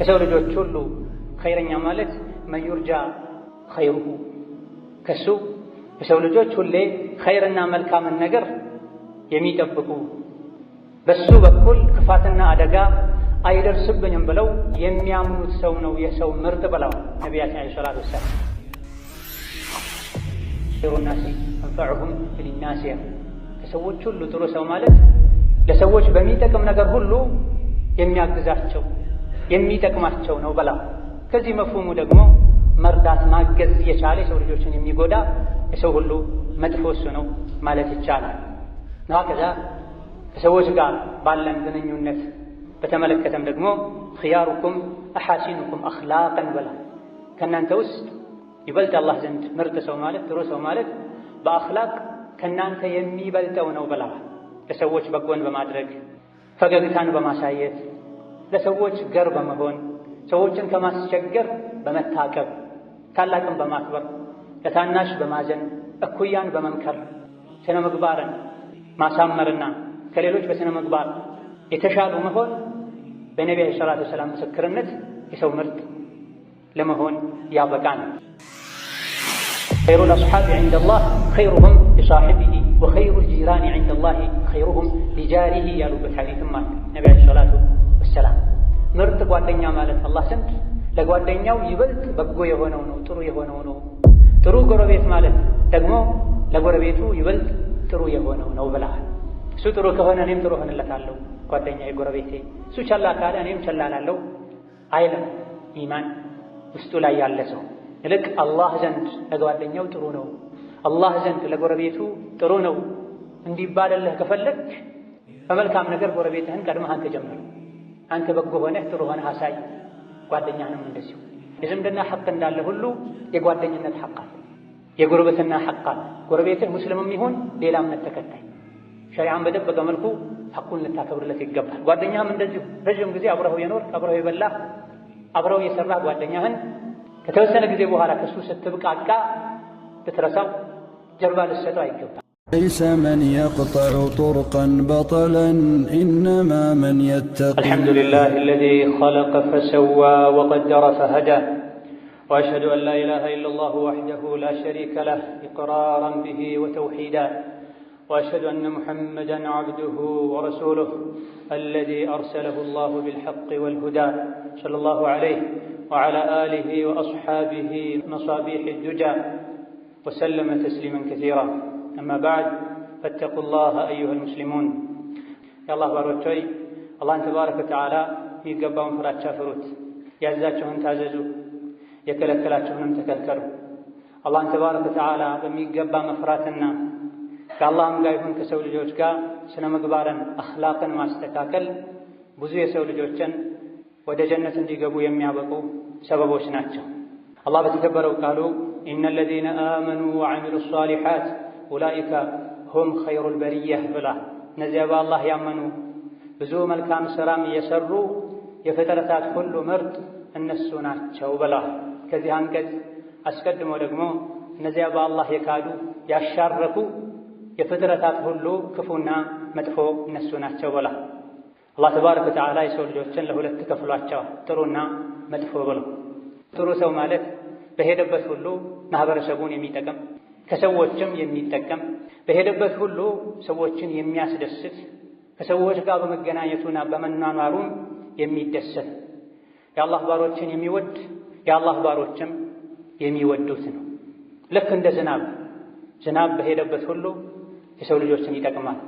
ከሰው ልጆች ሁሉ ኸይረኛ ማለት መዩርጃ ኸይሩሁ ከሱ የሰው ልጆች ሁሌ ኸይርና መልካምን ነገር የሚጠብቁ በሱ በኩል ክፋትና አደጋ አይደርስብኝም ብለው የሚያምኑት ሰው ነው የሰው ምርጥ ብለው ነቢያችን ዓለይሂ ሰላቱ ወሰላም ሩ አንፈዕሁም ሊናሲያ ከሰዎች ሁሉ ጥሩ ሰው ማለት ለሰዎች በሚጠቅም ነገር ሁሉ የሚያግዛቸው የሚጠቅማቸው ነው በላ። ከዚህ መፍሁሙ ደግሞ መርዳት ማገዝ የቻለ የሰው ልጆችን የሚጎዳ የሰው ሁሉ መጥፎ እሱ ነው ማለት ይቻላል። እና ከዛ ከሰዎች ጋር ባለን ግንኙነት በተመለከተም ደግሞ ኽያሩኩም አሓሲኑኩም አኽላቀን በላ ከእናንተ ውስጥ ይበልጥ አላህ ዘንድ ምርጥ ሰው ማለት ጥሩ ሰው ማለት በአኽላቅ ከእናንተ የሚበልጠው ነው በላ። ለሰዎች በጎን በማድረግ ፈገግታን በማሳየት ለሰዎች ገር በመሆን ሰዎችን ከማስቸገር በመታቀብ ታላቅን በማክበር ለታናሽ በማዘን እኩያን በመምከር ስነ ምግባርን ማሳመርና ከሌሎች በስነ ምግባር የተሻሉ መሆን በነቢ ዐለይሂ ሰላቱ ወሰላም ምስክርነት የሰው ምርጥ ለመሆን ያበቃል። ኸይሩል አስሓቢ ዐንደ አላህ ኸይሩሁም ሊሳሒቢሂ ወኸይሩል ጂራኒ ዐንደ አላህ ኸይሩሁም ሊጃሪሂ ያሉበት ሐዲትም አለ ነቢ ዐለይሂ ሰላቱ ሰላም ምርጥ ጓደኛ ማለት አላህ ዘንድ ለጓደኛው ይበልጥ በጎ የሆነው ነው፣ ጥሩ የሆነው ነው። ጥሩ ጎረቤት ማለት ደግሞ ለጎረቤቱ ይበልጥ ጥሩ የሆነው ነው ብለሃል። እሱ ጥሩ ከሆነ እኔም ጥሩ ሆንለታለሁ። ጓደኛ ጎረቤቴ እሱ ቸላ ካለ እኔም ቸላ ላለው አይለም። ኢማን ውስጡ ላይ ያለ ሰው ይልቅ አላህ ዘንድ ለጓደኛው ጥሩ ነው፣ አላህ ዘንድ ለጎረቤቱ ጥሩ ነው እንዲባልልህ ከፈለግ በመልካም ነገር ጎረቤትህን ቀድመህ አንተ ጀምር። አንተ በጎ ሆነህ ጥሩ ሆነህ አሳይ። ጓደኛህንም እንደዚሁ የዝምድና ሐቅ እንዳለ ሁሉ የጓደኝነት ሐቅ አለ፣ የጎረቤትና ሐቅ አለ። ጎረቤትህ ሙስሊምም ይሁን ሌላ እምነት ተከታይ ሸሪዓን በጠበቀ መልኩ ሐቁን ልታከብርለት ይገባል። ጓደኛህም እንደዚሁ ረዥም ጊዜ አብረኸው የኖር አብረኸው የበላህ አብረው የሰራህ ጓደኛህን ከተወሰነ ጊዜ በኋላ ከሱ ስትብቃቃ ልትረሳው ጀርባ ልትሰጠው አይገባም። ليس من يقطع طرقا بطلا إنما من يتقي الحمد لله الذي خلق فسوى وقدر فهدى وأشهد أن لا إله إلا الله وحده لا شريك له إقرارا به وتوحيدا وأشهد أن محمدا عبده ورسوله الذي أرسله الله بالحق والهدى صلى الله عليه وعلى آله وأصحابه مصابيح الدجى وسلم تسليما كثيرا አማ ባዕድ ፈተቁላህ አዩሃ ልሙስሊሙን የአላህ ባሮች ሆይ አላህን ተባረከ ወተዓላ የሚገባውን ፍራቻ ፍሩት፣ ያዛቸውን ታዘዙ፣ የከለከላቸውንም ተከልከሉ። አላህን ተባረከ ወተዓላ በሚገባ መፍራትና ከአላህም ጋር ይሁን ከሰው ልጆች ጋር ስነ ምግባርን አኽላቅን ማስተካከል ብዙ የሰው ልጆችን ወደ ጀነት እንዲገቡ የሚያበቁ ሰበቦች ናቸው። አላህ በተከበረው ቃሉ ኢነ አለዚነ አመኑ ወዐሚሉ ሷሊሓት ኡላኢከ ሁም ኸይሩል በሪየህ ብላ እነዚያ በአላህ ያመኑ ብዙ መልካም ሥራም የሠሩ የፍጥረታት ሁሉ ምርጥ እነሱ ናቸው ብላ። ከዚህ አንቀጽ አስቀድሞ ደግሞ እነዚያ በአላህ የካዱ ያሻረኩ የፍጥረታት ሁሉ ክፉና መጥፎ እነሱ ናቸው ብላ። አላህ ተባረከ ወተዓላ የሰው ልጆችን ለሁለት ከፍሏቸዋል፣ ጥሩና መጥፎ ብሎ። ጥሩ ሰው ማለት በሄደበት ሁሉ ማህበረሰቡን የሚጠቅም ከሰዎችም የሚጠቀም በሄደበት ሁሉ ሰዎችን የሚያስደስት ከሰዎች ጋር በመገናኘቱና በመኗኗሩም የሚደሰት የአላህ ባሮችን የሚወድ የአላህ ባሮችም የሚወዱት ነው። ልክ እንደ ዝናብ ዝናብ በሄደበት ሁሉ የሰው ልጆችን ይጠቅማል።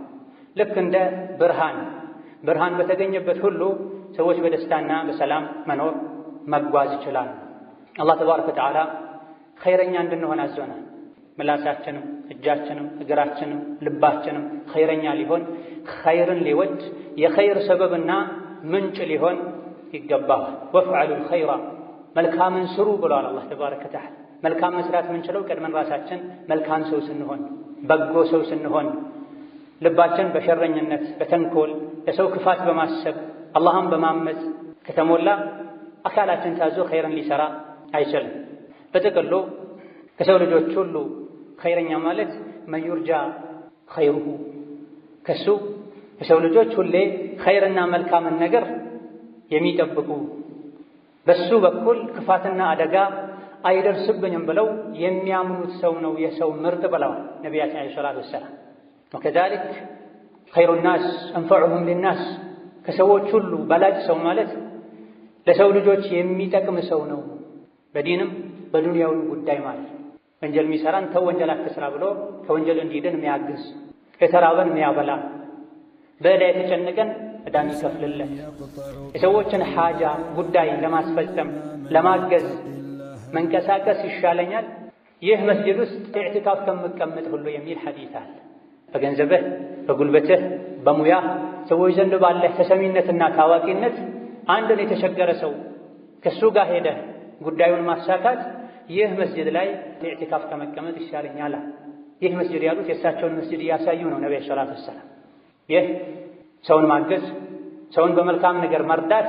ልክ እንደ ብርሃን ብርሃን በተገኘበት ሁሉ ሰዎች በደስታና በሰላም መኖር መጓዝ ይችላሉ። አላህ ተባረከ ወተዓላ ኸይረኛ እንድንሆን አዞናል። ምላሳችንም እጃችንም እግራችንም ልባችንም ኸይረኛ ሊሆን ኸይርን ሊወድ የኸይር ሰበብና ምንጭ ሊሆን ይገባዋል። ወፍዐሉል ኸይራ መልካምን ስሩ ብሏል አላህ ተባረከ ወተዓላ። መልካም መስራት የምንችለው ቀድመን ራሳችን መልካም ሰው ስንሆን፣ በጎ ሰው ስንሆን፣ ልባችን በሸረኝነት በተንኮል ለሰው ክፋት በማሰብ አላህን በማመፅ ከተሞላ አካላችን ታዞ ኸይርን ሊሰራ አይችልም። በጥቅሉ ከሰው ልጆች ሁሉ ኸይረኛ ማለት መዩርጃ ኸይሩሁ ከሱ የሰው ልጆች ሁሌ ኸይርና መልካምን ነገር የሚጠብቁ በሱ በኩል ክፋትና አደጋ አይደርስብኝም ብለው የሚያምኑት ሰው ነው የሰው ምርጥ ብለዋል ነቢያችን ዓለይሂ ሰላቱ ወሰላም። ወከዛሊክ ኸይሩ ናስ አንፈዑሁም ሊናስ ከሰዎች ሁሉ በላጭ ሰው ማለት ለሰው ልጆች የሚጠቅም ሰው ነው፣ በዲንም በዱንያዊ ጉዳይ ማለት ነው። ወንጀል የሚሰራን ተው ወንጀል አትስራ ብሎ ከወንጀል እንዲድን የሚያግዝ የተራበን የሚያበላ በዕዳ የተጨነቀን ዕዳ የሚከፍልለት የሰዎችን ሓጃ ጉዳይ ለማስፈጸም ለማገዝ መንቀሳቀስ ይሻለኛል ይህ መስጅድ ውስጥ ኢዕትካፍ ከምቀመጥ ሁሉ የሚል ሐዲት አለ። በገንዘብህ፣ በጉልበትህ፣ በሙያ ሰዎች ዘንድ ባለህ ተሰሚነትና ታዋቂነት አንድን የተቸገረ ሰው ከእሱ ጋር ሄደህ ጉዳዩን ማሳካት ይህ መስጅድ ላይ ለኢዕቲካፍ ከመቀመጥ ይሻለኛል። ይህ መስጅድ ያሉት የእሳቸውን መስጅድ እያሳዩ ነው ነቢ ሰላቱ ወሰላም። ይህ ሰውን ማገዝ፣ ሰውን በመልካም ነገር መርዳት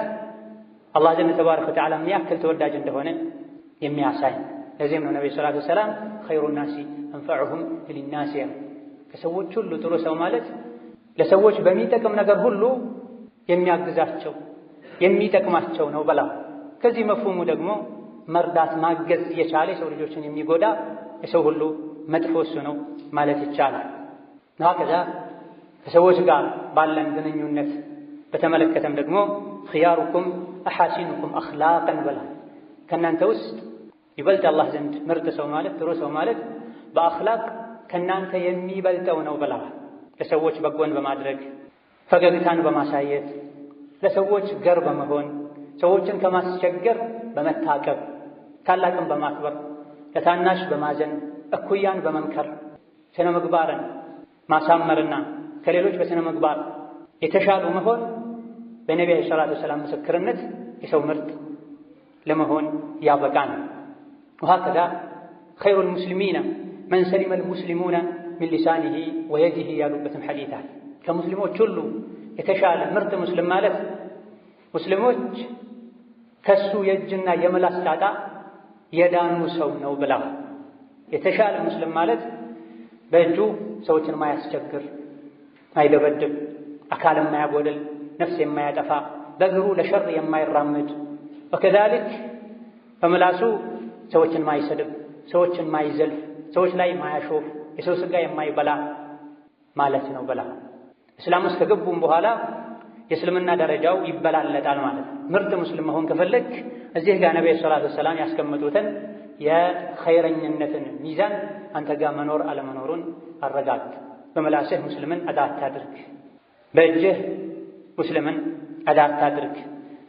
አላህ ዘንድ ተባረከ ወተዓላ ምን ያክል ተወዳጅ እንደሆነ የሚያሳይ ለዚህም ነው ነቢ ሰላቱ ወሰላም ኸይሩ ናሲ አንፈዕሁም ሊናሲ ከሰዎች ሁሉ ጥሩ ሰው ማለት ለሰዎች በሚጠቅም ነገር ሁሉ የሚያግዛቸው የሚጠቅማቸው ነው በላ ከዚህ መፍሁሙ ደግሞ መርዳት ማገዝ የቻለ የሰው ልጆችን የሚጎዳ የሰው ሁሉ መጥፎ እሱ ነው ማለት ይቻላል። እና ከዛ ከሰዎች ጋር ባለን ግንኙነት በተመለከተም ደግሞ ኽያሩኩም አሓሲኑኩም አኽላቀን በላ ከእናንተ ውስጥ ይበልጥ አላህ ዘንድ ምርጥ ሰው ማለት ጥሩ ሰው ማለት በአኽላቅ ከእናንተ የሚበልጠው ነው ብለዋል። ለሰዎች በጎን በማድረግ ፈገግታን በማሳየት ለሰዎች ገር በመሆን ሰዎችን ከማስቸገር በመታቀብ ታላቅን በማክበር ለታናሽ በማዘን እኩያን በመምከር ስነ ምግባርን ማሳመርና ከሌሎች በስነ ምግባር የተሻሉ መሆን በነቢ ዐለይሂ ሰላቱ ወሰላም ምስክርነት የሰው ምርጥ ለመሆን ያበቃን። ወሀከዛ ኸይሩል ሙስሊሚና መን ሰሊመል ሙስሊሙና ሚን ሊሳኒሂ ወየዲሂ ያሉበትም ሐዲታል ከሙስሊሞች ሁሉ የተሻለ ምርጥ ሙስሊም ማለት ሙስሊሞች ከሱ የእጅና የምላስ ጣጣ የዳኑ ሰው ነው ብላ የተሻለ ሙስሊም ማለት በእጁ ሰዎችን ማያስቸግር፣ ማይደበድብ፣ አካል የማያጎድል፣ ነፍስ የማያጠፋ፣ በእግሩ ለሸር የማይራምድ ወከዛሊክ በምላሱ ሰዎችን ማይሰድብ፣ ሰዎችን ማይዘልፍ፣ ሰዎች ላይ ማያሾፍ፣ የሰው ስጋ የማይበላ ማለት ነው ብላ እስላም ውስጥ ከገቡም በኋላ የእስልምና ደረጃው ይበላለጣል ማለት ነው። ምርጥ ሙስሊም መሆን ከፈለግ እዚህ ጋር ነቢ ሰላት ወሰላም ያስቀምጡትን የኸይረኝነትን ሚዛን አንተ ጋር መኖር አለመኖሩን አረጋግ። በመላስህ ሙስልምን አዳት ታድርግ፣ በእጅህ ሙስልምን አዳት ታድርግ።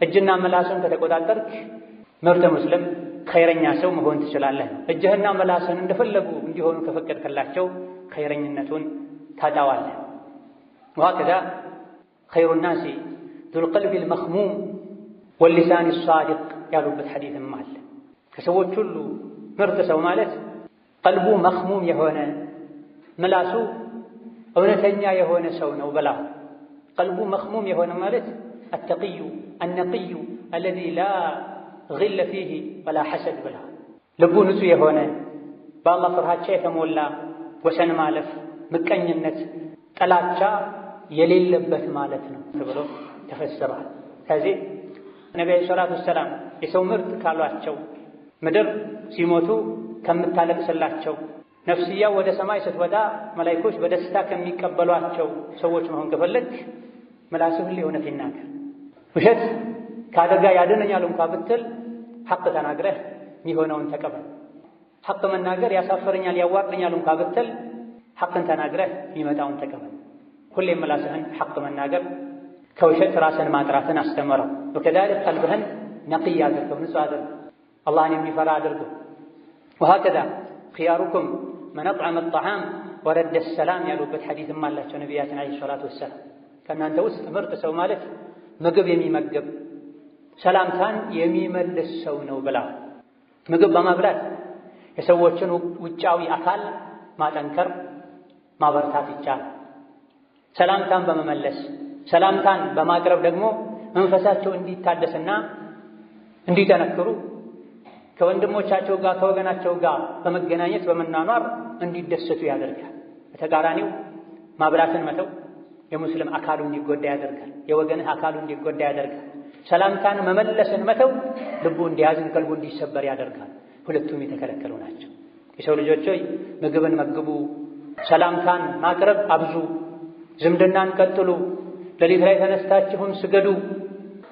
እጅና መላስህን ከተቆጣጠርክ ምርጥ ሙስልም ኸይረኛ ሰው መሆን ትችላለህ። እጅህና መላስህን እንደፈለጉ እንዲሆኑ ከፈቀድከላቸው ኸይረኝነቱን ታጣዋለህ። ከዛ خير الناس ذو القلب المخموم واللسان الصادق يا قالوا بالحديث مال كسوت كله مرت سو مالت قلبه مخموم يهونه ملاسو أو نتنيا يهونه سونا بلا قلبه مخموم يهونه مالت التقي النقي الذي لا غل فيه ولا حسد بلا لبو نسو يهونه بالله فرها شيخ مولا وسن مالف مكان ينت ثلاثة የሌለበት ማለት ነው ተብሎ ተፈስሯል። ከዚህ ነቢዩ ሰላቱ ወሰላም የሰው ምርጥ ካሏቸው ምድር ሲሞቱ ከምታለቅስላቸው ነፍስያው ወደ ሰማይ ስትወጣ መላይኮች በደስታ ከሚቀበሏቸው ሰዎች መሆን ከፈለግ ምላስህ ሁሌ እውነት ይናገር። ውሸት ከአደጋ ያድነኛል እንኳ ብትል ሐቅ ተናግረህ የሚሆነውን ተቀበል። ሐቅ መናገር ያሳፈረኛል ያዋርደኛል እንኳ ብትል ሐቅን ተናግረህ የሚመጣውን ተቀበል። ሁሌ ምላስህን ሐቅ መናገር ከውሸት ራስን ማጥራትን አስተምረው። ወከዛሊክ ቀልብህን ነቅይ አድርገው፣ ንጹህ አድርገው፣ አላህን የሚፈራ አድርገው። ወሀከዛ ኪያሩኩም መን አጥዓመ አጣዓም ወረደ ሰላም ያሉበት ሐዲስም አላቸው ነቢያችን ዓለይሂ ሰላቱ ወሰላም። ከእናንተ ውስጥ ምርጥ ሰው ማለት ምግብ የሚመገብ ሰላምታን የሚመልስ ሰው ነው ብላ ምግብ በማብላት የሰዎችን ውጫዊ አካል ማጠንከር ማበረታት ይቻላል። ሰላምታን በመመለስ ሰላምታን በማቅረብ ደግሞ መንፈሳቸው እንዲታደስና እንዲጠነክሩ ከወንድሞቻቸው ጋር ከወገናቸው ጋር በመገናኘት በመናኗር እንዲደሰቱ ያደርጋል። በተቃራኒው ማብላትን መተው የሙስሊም አካሉ እንዲጎዳ ያደርጋል። የወገንህ አካሉ እንዲጎዳ ያደርጋል። ሰላምታን መመለስን መተው ልቡ እንዲያዝን፣ ቀልቡ እንዲሰበር ያደርጋል። ሁለቱም የተከለከሉ ናቸው። የሰው ልጆች ምግብን መግቡ፣ ሰላምታን ማቅረብ አብዙ ዝምድናን ቀጥሉ፣ ሌሊት ላይ ተነስታችሁም ስገዱ፣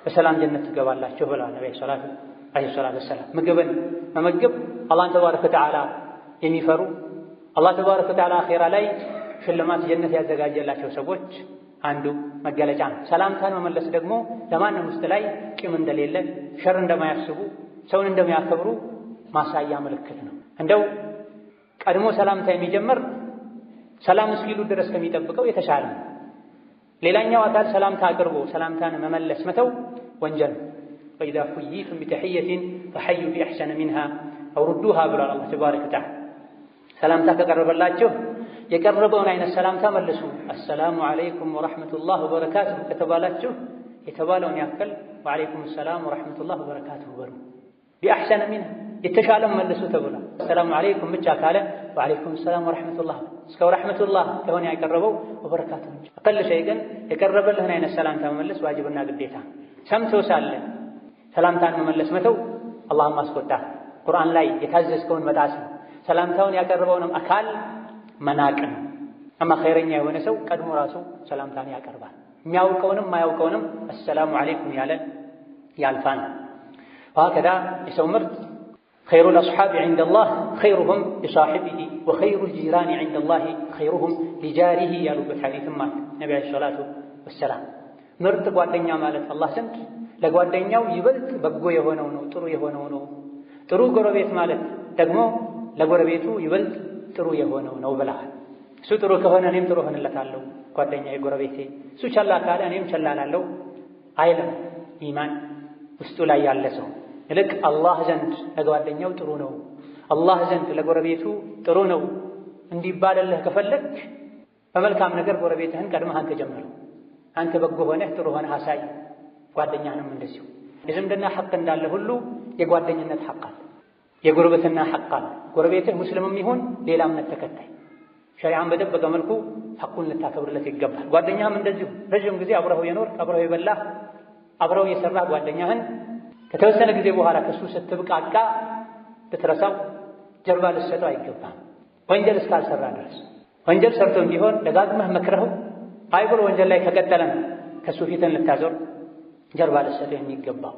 በሰላም ጀነት ትገባላችሁ ብለዋል ነቢ ዓለይሂ ሰላቱ ወሰላም። ምግብን መመገብ አላህን ተባረከ ወተዓላ የሚፈሩ አላህ ተባረከ ወተዓላ አኼራ ላይ ሽልማት ጀነት ያዘጋጀላቸው ሰዎች አንዱ መገለጫ ነው። ሰላምታን መመለስ ደግሞ ለማንም ውስጥ ላይ ቂም እንደሌለ፣ ሸር እንደማያስቡ፣ ሰውን እንደሚያከብሩ ማሳያ ምልክት ነው። እንደው ቀድሞ ሰላምታ የሚጀምር ሰላም እስኪሉ ድረስ ከሚጠብቀው የተሻለ ነው። ሌላኛው አካል ሰላምታ አቅርቦ ሰላምታን መመለስ መተው ወንጀል ነው። ወኢዛ ሑይይቱም ቢተሕየትን ፈሐዩ ቢአሕሰነ ሚንሃ አው ሩዱሃ ብሏል አላህ ተባረከ ወተዓላ። ሰላምታ ከቀረበላቸው የቀረበውን አይነት ሰላምታ መልሱ። አሰላሙ ዓለይኩም ወረሕመቱላህ ወበረካቱሁ ከተባላችሁ የተባለውን ያክል ወዓለይኩም ሰላም ወረሕመቱላህ ወበረካቱሁ በሉ። ቢአሕሰነ ሚንሃ የተሻለም መልሱ ተብሏል። ሰላሙ አለይኩም ብቻ ካለ ወአለይኩም ሰላም ወራህመቱላህ እስከ ወራህመቱላህ ከሆነ ያቀረበው ወበረካቱ እንጂ አቀል ሸይ ግን የቀረበልህን አይነት ሰላምታ መመለስ ዋጅብና ግዴታ ሰምቶ ሳለ ሰላምታን መመለስ መተው አላህን ማስቆጣ ቁርአን ላይ የታዘዝከውን መጣስ ነው። ሰላምታውን ያቀረበውንም አካል መናቅ ነው አማ ኸይረኛ የሆነ ሰው ቀድሞ ራሱ ሰላምታን ያቀርባል። የሚያውቀውንም ማያውቀውንም አሰላሙ አለይኩም ያለ ያልፋል። ወሀከዛ የሰው ምርት። خير الأصحاب عند الله خيرهم لصاحبه وخير الجيران عند الله خيرهم لجاره يا رب الحديث مات نبي عليه الصلاة والسلام مرت قوادنيا مالت الله سنت لقوادنيا ويبلت بقو يهونونو ترو يهونونو ترو قربيت مالت تقمو لقربيتو يبلت ترو يهونونو بلاها سو ترو كهونا نيم ترو هن اللتان لو قوادنيا يقربيتي سو شالله كالا نيم شالله لالو عيلم إيمان استولا يالسون ይልቅ አላህ ዘንድ ለጓደኛው ጥሩ ነው፣ አላህ ዘንድ ለጎረቤቱ ጥሩ ነው እንዲባልልህ ከፈለግ በመልካም ነገር ጎረቤትህን ቀድመህ አንተ ጀምረው። አንተ በጎ ሆነህ ጥሩ ሆነህ አሳይ። ጓደኛህንም እንደዚሁ። የዝምድና ሐቅ እንዳለ ሁሉ የጓደኝነት ሐቅ አለ፣ የጉርብትና ሐቅ አለ። ጎረቤትህ ሙስልምም ይሁን ሌላ እምነት ተከታይ ሸሪዓን በጠበቀ መልኩ ሐቁን ልታከብርለት ይገባል። ጓደኛህም እንደዚሁ ረዥም ጊዜ አብረው የኖር አብረኸው የበላህ አብረው የሰራህ ጓደኛህን ከተወሰነ ጊዜ በኋላ ከእሱ ስትብቃቃ ልትረሳው ጀርባ ልትሰጠው አይገባም። ወንጀል እስካልሰራ ድረስ ወንጀል ሰርቶም ቢሆን ደጋግመህ መክረኸው አይ ብሎ ወንጀል ላይ ከቀጠለም ከእሱ ፊትን ልታዞር ጀርባ ልትሰጠው የሚገባው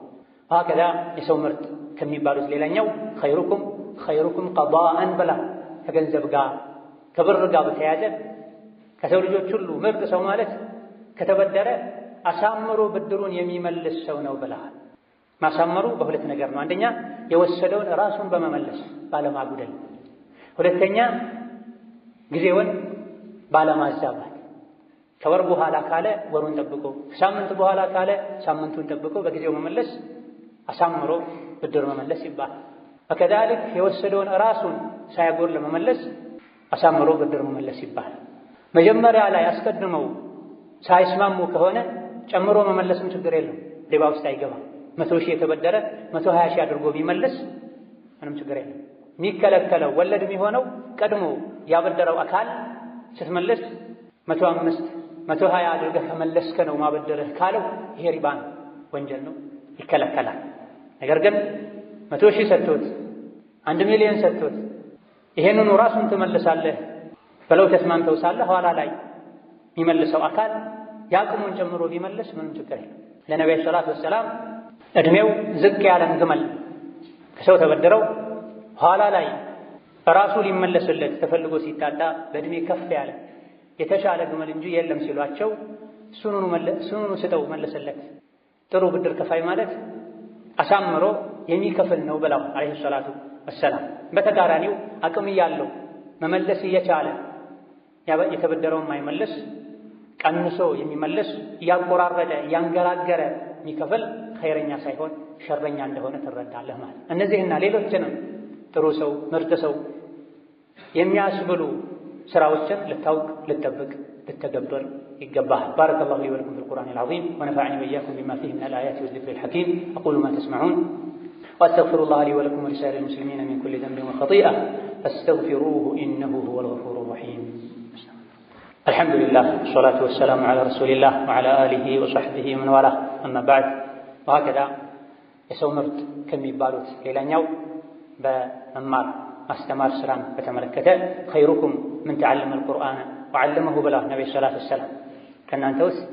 ሀከዛ የሰው ምርጥ ከሚባሉት ሌላኛው ኸይሩኩም ኸይሩኩም ቀዳአን ብላ ከገንዘብ ጋር ከብር ጋር በተያያዘ ከሰው ልጆች ሁሉ ምርጥ ሰው ማለት ከተበደረ አሳምሮ ብድሩን የሚመልስ ሰው ነው ብለሃል። ማሳመሩ በሁለት ነገር ነው። አንደኛ የወሰደውን ራሱን በመመለስ ባለማጉደል፣ ሁለተኛ ጊዜውን ባለማዛባት። ከወር በኋላ ካለ ወሩን ጠብቆ፣ ከሳምንት በኋላ ካለ ሳምንቱን ጠብቆ በጊዜው መመለስ አሳምሮ ብድር መመለስ ይባላል። ወከዛሊክ የወሰደውን ራሱን ሳያጎር ለመመለስ አሳምሮ ብድር መመለስ ይባላል። መጀመሪያ ላይ አስቀድመው ሳይስማሙ ከሆነ ጨምሮ መመለስም ችግር የለው ሌባ ውስጥ አይገባም። መቶ ሺህ የተበደረ መቶ ሀያ ሺህ አድርጎ ቢመልስ ምንም ችግር የለም። የሚከለከለው ወለድ የሚሆነው ቀድሞ ያበደረው አካል ስትመልስ መቶ አምስት መቶ ሀያ አድርገህ ከመለስከ ነው ማበደረህ ካለው ይሄ ሪባ ነው፣ ወንጀል ነው፣ ይከለከላል። ነገር ግን መቶ ሺህ ሰጥቶት አንድ ሚሊዮን ሰጥቶት ይሄንኑ ራሱን ትመልሳለህ ብለው ተስማምተው ሳለ ኋላ ላይ የሚመልሰው አካል የአቅሙን ጨምሮ ቢመልስ ምንም ችግር የለም። ለነቢዩ ሰላት ወሰላም እድሜው ዝቅ ያለን ግመል ከሰው ተበድረው ኋላ ላይ ራሱ ሊመለስለት ተፈልጎ ሲታጣ በእድሜ ከፍ ያለ የተሻለ ግመል እንጂ የለም ሲሏቸው ስኑኑ ስጠው መለሰለት። ጥሩ ብድር ከፋይ ማለት አሳምሮ የሚከፍል ነው ብለው አለ ሰላቱ ወሰላም። በተቃራኒው አቅም እያለው መመለስ እየቻለ የተበደረውን ማይመልስ ቀንሶ የሚመልስ እያቆራረጠ እያንገራገረ የሚከፍል ኸይረኛ ሳይሆን ሸረኛ እንደሆነ ትረዳለህ ማለት ነው። እነዚህና ሌሎችንም ጥሩ ሰው፣ ምርጥ ሰው የሚያስብሉ ስራዎችን ልታውቅ፣ ልጠብቅ፣ ልተገብር ይገባሃል። ባረከ ላሁ ሊ ወለኩም ፊልቁርአን አልዓዚም ወነፈዐኒ ወኢያኩም ቢማ ፊህ ሚነል አያት ወዚክር ልሐኪም አቁሉ ማ ተስመዑን وأستغفر الله لي ولكم ولسائر المسلمين من كل ذنب وخطيئة فاستغفروه إنه هو الغفور الرحيم الحمد لله والصلاة والسلام على رسول الله وعلى آله وصحبه ومن والاه أما بعد ወሀከዳ የሰው ምርጥ ከሚባሉት ሌላኛው በመማር ማስተማር ስራን በተመለከተ ኸይሩኩም ምን ተዓለመ አልቁርአን ወዓለመሁ ብለዋል ነቢ ሰላት ሰላም ከእናንተ ውስጥ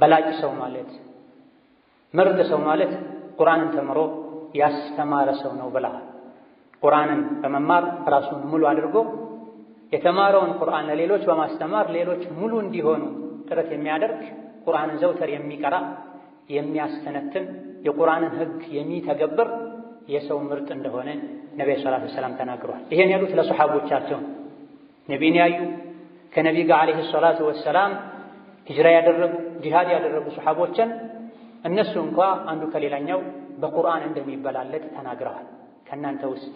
በላጭ ሰው ማለት ምርጥ ሰው ማለት ቁርአንን ተምሮ ያስተማረ ሰው ነው ብለዋል። ቁርአንን በመማር ራሱን ሙሉ አድርጎ የተማረውን ቁርአን ለሌሎች በማስተማር ሌሎች ሙሉ እንዲሆኑ ጥረት የሚያደርግ ቁርአንን ዘውተር የሚቀራ የሚያስተነትን የቁርአንን ህግ የሚተገብር የሰው ምርጥ እንደሆነ ነቢ ሰላቱ ሰላም ተናግሯል። ይሄን ያሉት ለሰሓቦቻቸው ነቢን ያዩ ከነቢ ጋር ዓለይሂ ሰላቱ ወሰላም ሂጅራ ያደረጉ ጂሃድ ያደረጉ ሰሓቦችን እነሱ እንኳ አንዱ ከሌላኛው በቁርአን እንደሚበላለጥ ተናግረዋል። ከእናንተ ውስጥ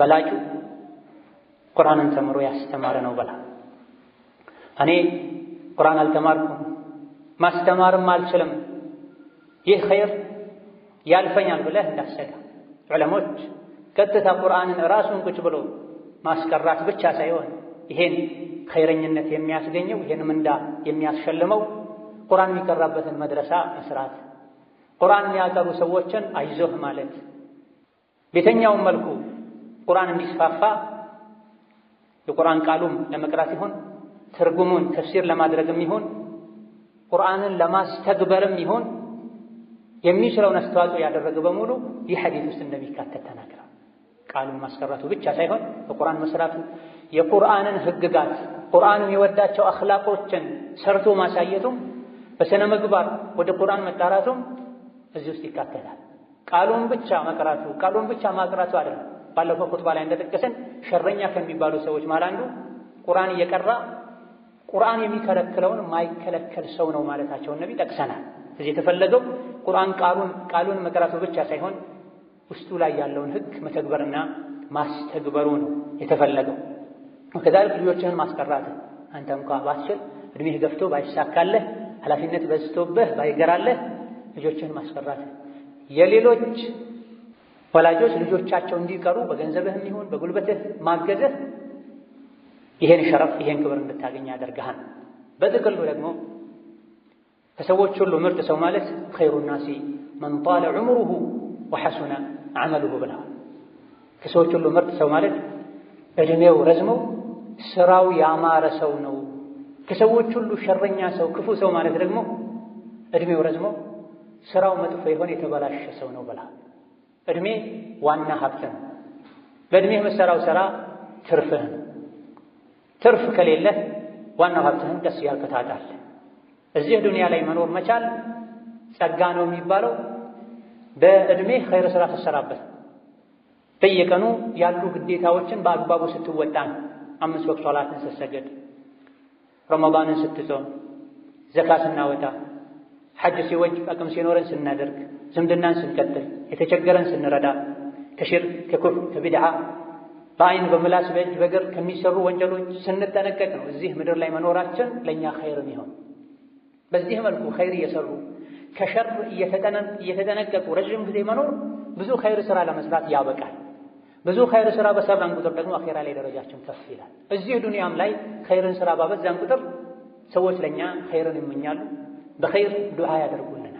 በላጩ ቁርአንን ተምሮ ያስተማረ ነው በላ እኔ ቁርአን አልተማርኩም ማስተማርም አልችልም ይህ ኸይር ያልፈኛል ብለህ እንዳሰጋ ዑለሞች ቀጥታ ቁርአንን ራሱን ቁጭ ብሎ ማስቀራት ብቻ ሳይሆን ይሄን ኸይረኝነት የሚያስገኘው ይሄን ምንዳ የሚያስሸልመው ቁርአን የሚቀራበትን መድረሳ መስራት፣ ቁርአን የሚያቀሩ ሰዎችን አይዞህ ማለት፣ ቤተኛውን መልኩ ቁርአን እንዲስፋፋ የቁርአን ቃሉም ለመቅራት ይሁን ትርጉሙን ተፍሲር ለማድረግም ይሁን ቁርአንን ለማስተግበርም ይሁን የሚችለውን አስተዋጽኦ ያደረገ በሙሉ ይህ ሐዲስ ውስጥ እንደሚካተት ተናግረዋል። ቃሉን ማስቀረቱ ብቻ ሳይሆን በቁርአን መስራቱ፣ የቁርአንን ህግጋት፣ ቁርአን የሚወዳቸው አኽላቆችን ሰርቶ ማሳየቱም፣ በሥነ ምግባር ወደ ቁርአን መጣራቱም እዚህ ውስጥ ይካተታል። ቃሉን ብቻ መቅራቱ ቃሉን ብቻ ማቅራቱ አይደለም። ባለፈው ኹጥባ ላይ እንደጠቀስን ሸረኛ ከሚባሉ ሰዎች መሃል አንዱ ቁርአን እየቀራ ቁርአን የሚከለክለውን ማይከለከል ሰው ነው ማለታቸውን ነቢ ጠቅሰናል። እዚህ የተፈለገው ቁርአን ቃሉን ቃሉን መቅራቱ ብቻ ሳይሆን ውስጡ ላይ ያለውን ህግ መተግበርና ማስተግበሩ ነው የተፈለገው። ከዛልክ ልጆችህን ማስቀራት አንተ እንኳ ባትችል እድሜህ ገፍቶ ባይሳካለህ ኃላፊነት በዝቶብህ ባይገራለህ ልጆችህን ማስቀራት የሌሎች ወላጆች ልጆቻቸው እንዲቀሩ በገንዘብህም ይሁን በጉልበትህ ማገዝህ ይሄን ሸረፍ ይሄን ክብር እንድታገኝ ያደርግሃል። በጥቅሉ ደግሞ ከሰዎች ሁሉ ምርጥ ሰው ማለት ኸይሩ ናሲ መን ጣለ ዑምሩሁ ወሐሱነ አመሉሁ ብለዋል። ከሰዎች ሁሉ ምርጥ ሰው ማለት እድሜው ረዝመው ስራው ያማረ ሰው ነው። ከሰዎች ሁሉ ሸረኛ ሰው፣ ክፉ ሰው ማለት ደግሞ እድሜው ረዝመው ስራው መጥፎ የሆነ የተበላሸ ሰው ነው ብለዋል። ዕድሜ ዋና ሀብት ነው። በዕድሜህ መሰራው ሥራ ትርፍህ ነው። ትርፍ ከሌለህ ዋናው ሀብትህን ቀስ እያልክ ታጣለህ። እዚህ ዱንያ ላይ መኖር መቻል ጸጋ ነው የሚባለው በእድሜ ኸይር ስራ ስትሰራበት፣ በየቀኑ ያሉ ግዴታዎችን በአግባቡ ስትወጣ አምስት ወቅት ሶላትን ስትሰገድ፣ ረመዳንን ስትጾም፣ ዘካ ስናወጣ፣ ሐጅ ሲወጅ፣ አቅም ሲኖረን ስናደርግ፣ ዝምድናን ስንቀጥል፣ የተቸገረን ስንረዳ፣ ከሽርክ ከኩፍር ከቢድዓ በአይን በምላስ በእጅ በእግር ከሚሰሩ ወንጀሎች ስንጠነቀቅ ነው እዚህ ምድር ላይ መኖራችን ለእኛ ኸይር ይሆን። በዚህ መልኩ ኸይር እየሰሩ ከሸር እየተጠነቀቁ ረዥም ጊዜ መኖር ብዙ ኸይር ስራ ለመስራት ያበቃል። ብዙ ኸይር ስራ በሰራን ቁጥር ደግሞ አኼራ ላይ ደረጃችን ከፍ ይላል። እዚህ ዱንያም ላይ ኸይርን ስራ ባበዛን ቁጥር ሰዎች ለእኛ ኸይርን ይመኛሉ፣ በኸይር ዱዓ ያደርጉልናል።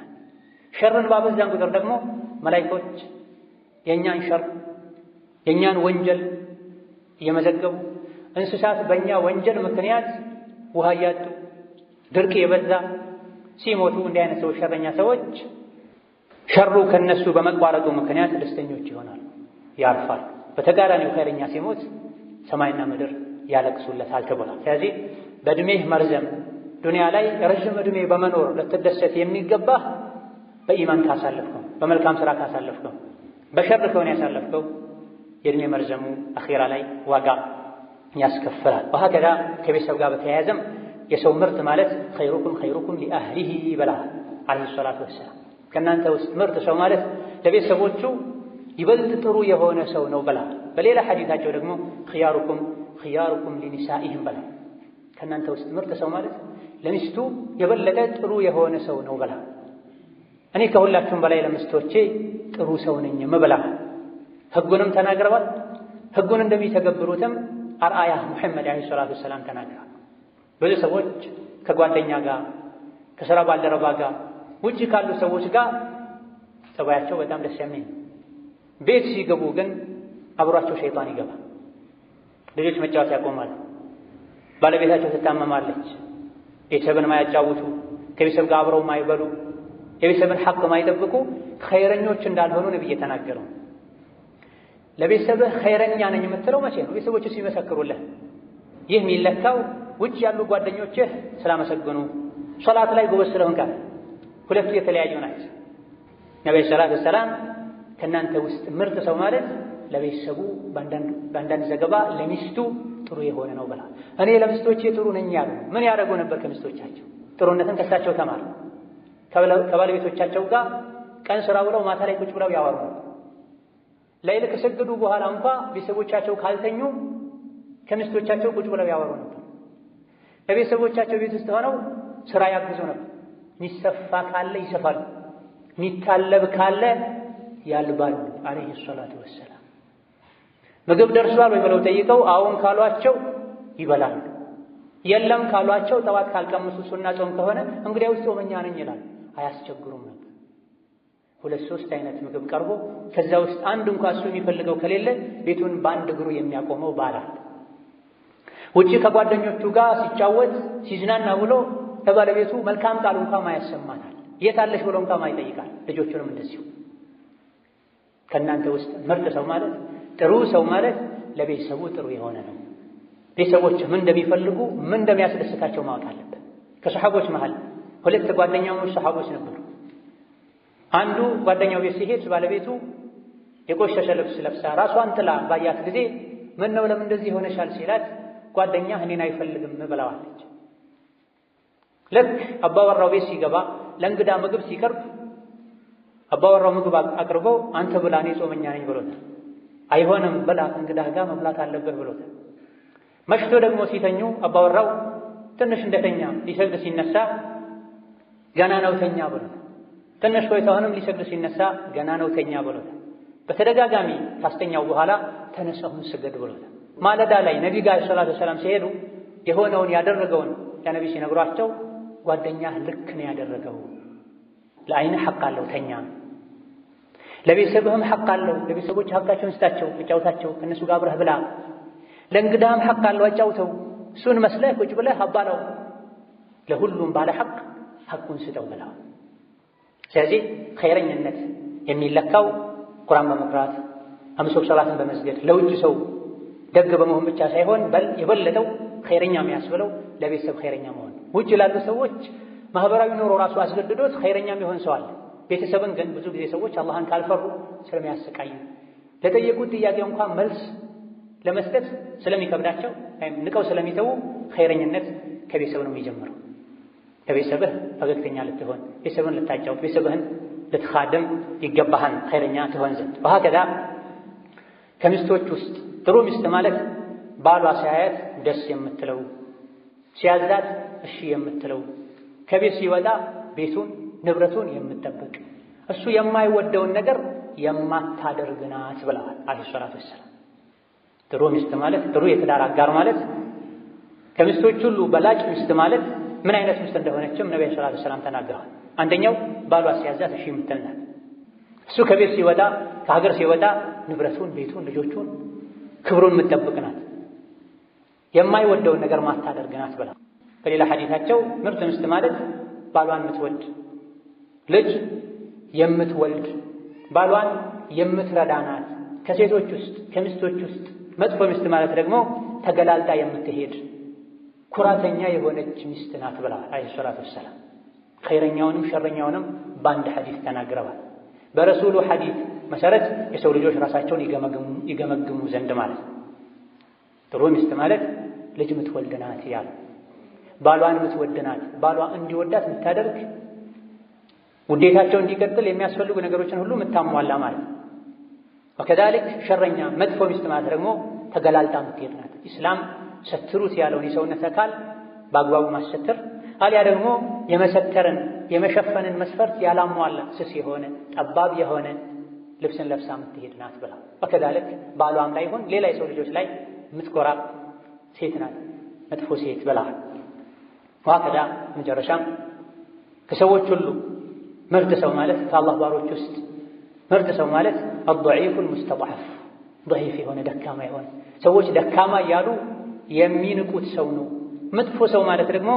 ሸርን ባበዛን ቁጥር ደግሞ መላይኮች የእኛን ሸር የእኛን ወንጀል እየመዘገቡ እንስሳት በእኛ ወንጀል ምክንያት ውሃ እያጡ ድርቅ የበዛ ሲሞቱ እንዲህ አይነት ሰዎች ሸረኛ ሰዎች ሸሩ ከነሱ በመቋረጡ ምክንያት ደስተኞች ይሆናሉ፣ ያርፋል። በተቃራኒው ኸይረኛ ሲሞት ሰማይና ምድር ያለቅሱለታል ተብሏል። ስለዚህ በእድሜህ መርዘም ዱንያ ላይ ረዥም እድሜ በመኖር ልትደሰት የሚገባ በኢማን ካሳለፍከው፣ በመልካም ስራ ካሳለፍከው፣ በሸር ከሆነ ያሳለፍከው የእድሜ መርዘሙ አኼራ ላይ ዋጋ ያስከፍላል። ከዛ ከቤተሰብ ጋር በተያያዘም የሰው ምርጥ ማለት ኸይሩኩም ኸይሩኩም ሊአህሊሂ ይበላል አለይሂ ሰላቱ ወሰላም። ከእናንተ ውስጥ ምርጥ ሰው ማለት ለቤተሰቦቹ ይበልጥ ጥሩ የሆነ ሰው ነው ብላ። በሌላ ሐዲታቸው ደግሞ ኽያሩኩም ኽያሩኩም ሊኒሳኢህም ብላ። ከእናንተ ውስጥ ምርጥ ሰው ማለት ለሚስቱ የበለጠ ጥሩ የሆነ ሰው ነው ብላ። እኔ ከሁላችሁም በላይ ለምስቶቼ ጥሩ ሰው ነኝ ብላ ህጉንም ተናግረዋል። ህጉን እንደሚተገብሩትም አርአያ ሙሐመድ ዓለይሂ ሰላቱ ወሰላም ተናግረዋል። ብዙ ሰዎች ከጓደኛ ጋር ከሥራ ባልደረባ ጋር ውጭ ካሉ ሰዎች ጋር ጸባያቸው በጣም ደስ የሚል ቤት ሲገቡ ግን አብሯቸው ሸይጣን ይገባል። ልጆች መጫወት ያቆማሉ። ባለቤታቸው ትታመማለች። ቤተሰብን ማያጫውቱ፣ ከቤተሰብ ጋር አብረው ማይበሉ፣ የቤተሰብን ሐቅ ማይጠብቁ ኸይረኞች እንዳልሆኑ ነብይ የተናገረው። ለቤተሰብህ ኸይረኛ ነኝ የምትለው መቼ ነው? ቤተሰቦች ሲመሰክሩልህ። ይህ የሚለካው ውጭ ያሉ ጓደኞችህ ስላመሰገኑ ሶላት ላይ ጎበዝ ስለሆንክ ሁለቱ የተለያዩ ናቸው። ነቢዩ ሰላት ሰላም ከእናንተ ውስጥ ምርጥ ሰው ማለት ለቤተሰቡ በአንዳንድ ዘገባ ለሚስቱ ጥሩ የሆነ ነው ብላ እኔ ለሚስቶቼ ጥሩ ነኝ ያሉ ምን ያደረጉ ነበር? ከሚስቶቻቸው ጥሩነትን ከሳቸው ተማሩ። ከባለቤቶቻቸው ጋር ቀን ስራ ብለው ማታ ላይ ቁጭ ብለው ያወሩ ለይል ከሰገዱ በኋላ እንኳ ቤተሰቦቻቸው ካልተኙ ከሚስቶቻቸው ቁጭ ብለው ያወሩ ነበር። ከቤተሰቦቻቸው ቤት ውስጥ ሆነው ስራ ያግዙ ነበር። ሚሰፋ ካለ ይሰፋሉ፣ ሚታለብ ካለ ያልባሉ። አለይሂ ሰላቱ ወሰላም ምግብ ደርሷል ወይ ብለው ጠይቀው አሁን ካሏቸው ይበላሉ፣ የለም ካሏቸው ጠዋት ካልቀመሱ ሱና ጾም ከሆነ እንግዲያውስ ጾመኛ ነኝ ይላል። አያስቸግሩም ነበር። ሁለት ሶስት አይነት ምግብ ቀርቦ ከዛ ውስጥ አንድ እንኳ እሱ የሚፈልገው ከሌለ ቤቱን በአንድ እግሩ የሚያቆመው ባል ውጪ ከጓደኞቹ ጋር ሲጫወት ሲዝናና ብሎ ለባለቤቱ መልካም ቃል እንኳን ማያሰማናል። የት አለሽ ብሎ እንኳን ማይጠይቃል። ልጆቹንም እንደዚሁ ከእናንተ ውስጥ ምርጥ ሰው ማለት ጥሩ ሰው ማለት ለቤተሰቡ ጥሩ የሆነ ነው። ቤተሰቦች ምን እንደሚፈልጉ ምን እንደሚያስደስታቸው ማወቅ አለበት። ከሰሓቦች መሃል ሁለት ጓደኛሞች ሰሓቦች ነበሩ። አንዱ ጓደኛው ቤት ሲሄድ ባለቤቱ የቆሸሸ ልብስ ለብሳ ራሷን ጥላ ባያት ጊዜ ምን ነው ለምን እንደዚህ ሆነሻል ሲላት ጓደኛ እኔን አይፈልግም ብለዋለች። ልክ አባወራው ቤት ሲገባ ለእንግዳ ምግብ ሲቀርብ አባወራው ምግብ አቅርቦ አንተ ብላ እኔ ጾመኛ ነኝ ብሎታል። አይሆንም ብላ እንግዳ ጋር መብላት አለብህ ብሎታል። መሽቶ ደግሞ ሲተኙ አባወራው ትንሽ እንደተኛ ሊሰግድ ሲነሳ ገና ነው ተኛ ብሎታል። ትንሽ ቆይታውንም ሊሰግድ ሲነሳ ገና ነው ተኛ ብሎታል። በተደጋጋሚ ካስተኛው በኋላ ተነሳሁን ስገድ ብሎታል። ማለዳ ላይ ነቢ ጋር ሰላቱ ሰላም ሲሄዱ የሆነውን ያደረገውን ያነቢ ሲነግሯቸው ጓደኛህ ልክ ነው ያደረገው፣ ለአይንህ ሐቅ አለው ተኛ። ለቤተሰብህም ሐቅ አለው። ለቤተሰቦች ሐቃቸውን ስታቸው፣ አጫውታቸው። ከእነሱ ጋር አብረህ ብላ። ለእንግዳህም ሐቅ አለው፣ አጫውተው። እሱን መስለህ ቁጭ ብለህ አባላው። ለሁሉም ባለ ሐቅ ሐቁን ስጠው ብላ። ስለዚህ ኸይረኝነት የሚለካው ቁርአን በመቅራት አምስት ወቅት ሰላትን በመስገድ ለውጭ ሰው ደግ በመሆን ብቻ ሳይሆን የበለጠው ኸይረኛ የሚያስብለው ለቤተሰብ ኸይረኛ መሆን። ውጭ ላሉ ሰዎች ማህበራዊ ኑሮ ራሱ አስገድዶት ኸይረኛም ይሆን ሰው አለ። ቤተሰብን ግን ብዙ ጊዜ ሰዎች አላህን ካልፈሩ ስለሚያሰቃዩ ለጠየቁት ጥያቄ እንኳን መልስ ለመስጠት ስለሚከብዳቸው ወይም ንቀው ስለሚተዉ ኸይረኝነት ከቤተሰብ ነው የሚጀምረው። ከቤተሰብህ ፈገግተኛ ልትሆን፣ ቤተሰብህን ልታጫውት፣ ቤተሰብህን ልትኻድም ይገባሃል ኸይረኛ ትሆን ዘንድ ከሚስቶች ውስጥ ጥሩ ሚስት ማለት ባሏ ሲያያት ደስ የምትለው ሲያዛት እሺ የምትለው ከቤት ሲወጣ ቤቱን ንብረቱን የምትጠብቅ እሱ የማይወደውን ነገር የማታደርግ ናት ብለዋል አለይሂ ሰላቱ ወሰላም። ጥሩ ሚስት ማለት ጥሩ የትዳር አጋር ማለት ከሚስቶች ሁሉ በላጭ ሚስት ማለት ምን አይነት ሚስት እንደሆነችም ነብዩ ሰለላሁ ዐለይሂ ወሰላም ተናግረዋል። አንደኛው ባሏ ሲያዛት እሺ የምትል ናት። እሱ ከቤት ሲወጣ ከሀገር ሲወጣ ንብረቱን፣ ቤቱን፣ ልጆቹን፣ ክብሩን ናት። የማይወደውን ነገር ናት ብላ በሌላ ሐዲታቸው ምርጥ ሚስት ማለት ባሏን የምትወድ ልጅ የምትወልድ ባሏን የምትረዳናት ከሴቶች ውስጥ ከሚስቶች ውስጥ መጥፎ ሚስት ማለት ደግሞ ተገላልጣ የምትሄድ ኩራተኛ የሆነች ሚስት ናት ብላ አለይሂ ሰላቱ ወሰላም። ኸይረኛውንም ሸረኛውንም በአንድ ሐዲስ ተናግረዋል። በረሱሉ ሐዲት መሰረት የሰው ልጆች ራሳቸውን ይገመግሙ ዘንድ ማለት ጥሩ ሚስት ማለት ልጅ ምትወልድናት ያሉ ባሏን ምትወድናት ባሏ እንዲወዳት ምታደርግ ውዴታቸው እንዲቀጥል የሚያስፈልጉ ነገሮችን ሁሉ ምታሟላ ማለት ወከዛሊክ ሸረኛ መጥፎ ሚስት ማለት ደግሞ ተገላልጣ ምትሄድ ናት። ኢስላም ሰትሩት ያለውን የሰውነት አካል በአግባቡ ማሰተር አሊያ ደግሞ የመሰተርን የመሸፈንን መስፈርት ያላሟላ ስስ የሆነ ጠባብ የሆነ ልብስን ለብሳ የምትሄድ ናት ብላ ወከዛልክ ባሏም ላይ ይሁን ሌላ የሰው ልጆች ላይ የምትኮራ ሴት ናት መጥፎ ሴት ብላ ዋከዳ መጨረሻም ከሰዎች ሁሉ ምርጥ ሰው ማለት ከአላህ ባሮች ውስጥ ምርጥ ሰው ማለት አضዒፍ ሙስተضዓፍ ضዒፍ የሆነ ደካማ የሆነ ሰዎች ደካማ እያሉ የሚንቁት ሰው ነው። መጥፎ ሰው ማለት ደግሞ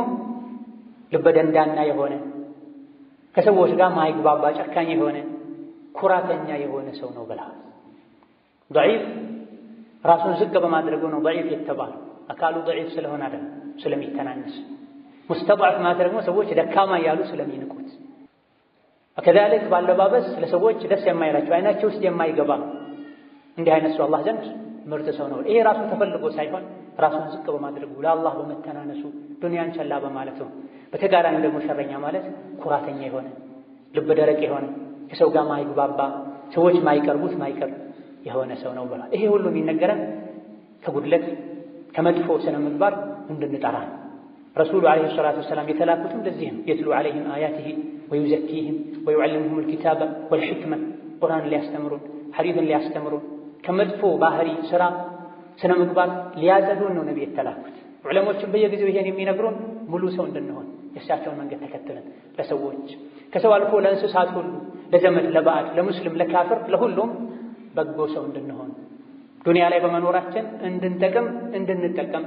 ልበደንዳና የሆነ ከሰዎች ጋር ማይግባባ ጨካኝ የሆነ ኩራተኛ የሆነ ሰው ነው ብላ ضعيف ራሱን ዝቅ በማድረጉ ነው ضعيف የተባለው አካሉ ضعيف ስለሆነ አይደለም ስለሚተናነስ ሙስተضዓፍ ማለት ደግሞ ሰዎች ደካማ እያሉ ስለሚንቁት ከዛልክ ባለባበስ ለሰዎች ደስ የማይላቸው አይናቸው ውስጥ የማይገባ እንዲህ አይነት ሰው አላህ ዘንድ ምርጥ ሰው ነው። ይሄ ራሱ ተፈልጎ ሳይሆን ራሱን ዝቅ በማድረጉ ለአላህ በመተናነሱ ዱንያን ቸላ በማለት ነው። በተጋራኒ ደግሞ ሸረኛ ማለት ኩራተኛ የሆነ ልብ ደረቅ የሆነ ከሰው ጋር ማይግባባ ሰዎች ማይቀርቡት ማይቀርብ የሆነ ሰው ነው ብሏል። ይሄ ሁሉ የሚነገረን ከጉድለት ከመጥፎ ስነ ምግባር እንድንጠራ ነው። ረሱሉ ዓለይሂ ሰላቱ ወሰላም የተላኩት እንደዚህ ነው። የትሉ ዓለይሂም አያቲሂ ወዩዘኪህም ወዩዓልሙሁም ልኪታበ ወልሕክመ ቁርአን ሊያስተምሩን ሐዲትን ሊያስተምሩን ከመጥፎ ባህሪ ስራ ስነ ምግባር ሊያጸዱን ነው ነቢ የተላኩት። ዑለሞችን በየጊዜው ይሄን የሚነግሩን ሙሉ ሰው እንድንሆን የእሳቸውን መንገድ ተከትለን ለሰዎች ከሰው አልፎ ለእንስሳት ሁሉ ለዘመድ፣ ለባዕድ፣ ለሙስሊም፣ ለካፍር፣ ለሁሉም በጎ ሰው እንድንሆን ዱንያ ላይ በመኖራችን እንድንጠቅም እንድንጠቀም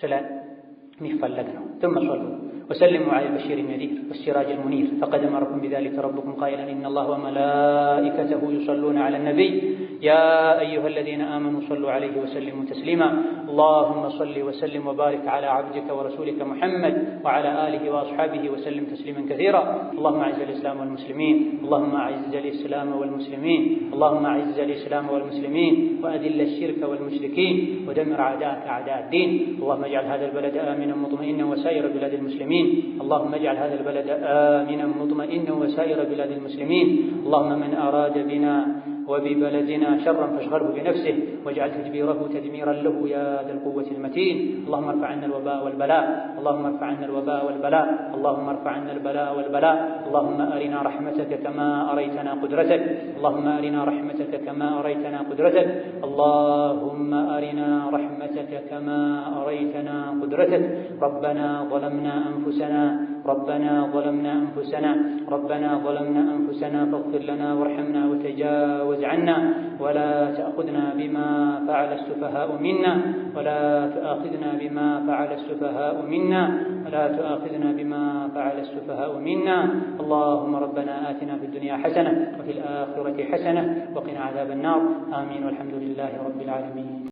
ስለሚፈለግ ነው። ثم صلوا وسلموا على البشير النذير والسراج المنير فقد أمركم بذلك ربكم قائلا إن الله وملائكته يصلون على النبي يا أيها الذين آمنوا صلوا عليه وسلموا تسليما اللهم صل وسلم وبارك على عبدك ورسولك محمد وعلى آله وأصحابه وسلم تسليما كثيرا اللهم أعز الإسلام والمسلمين اللهم أعز الإسلام والمسلمين اللهم أعز الإسلام والمسلمين وأذل الشرك والمشركين ودمر أعداءك أعداء الدين اللهم اجعل هذا البلد آمنا مطمئنا وسائر بلاد المسلمين اللهم اجعل هذا البلد آمنا مطمئنا وسائر بلاد المسلمين اللهم من أراد بنا وببلدنا شرا فاشغله بنفسه واجعل تدبيره تدميرا له يا ذا القوة المتين اللهم ارفع عنا الوباء والبلاء اللهم ارفع عنا الوباء والبلاء اللهم ارفع عنا البلاء والبلاء اللهم أرنا رحمتك كما أريتنا قدرتك اللهم أرنا رحمتك كما أريتنا قدرتك اللهم أرنا رحمتك كما أريتنا قدرتك ربنا ظلمنا أنفسنا ربنا ظلمنا أنفسنا ربنا ظلمنا أنفسنا فاغفر لنا وارحمنا وتجاوز عنا ولا تأخذنا بما فعل السفهاء منا ولا تؤاخذنا بما فعل السفهاء منا ولا تؤاخذنا بما فعل السفهاء منا اللهم ربنا آتنا في الدنيا حسنة وفي الآخرة حسنة وقنا عذاب النار آمين والحمد لله رب العالمين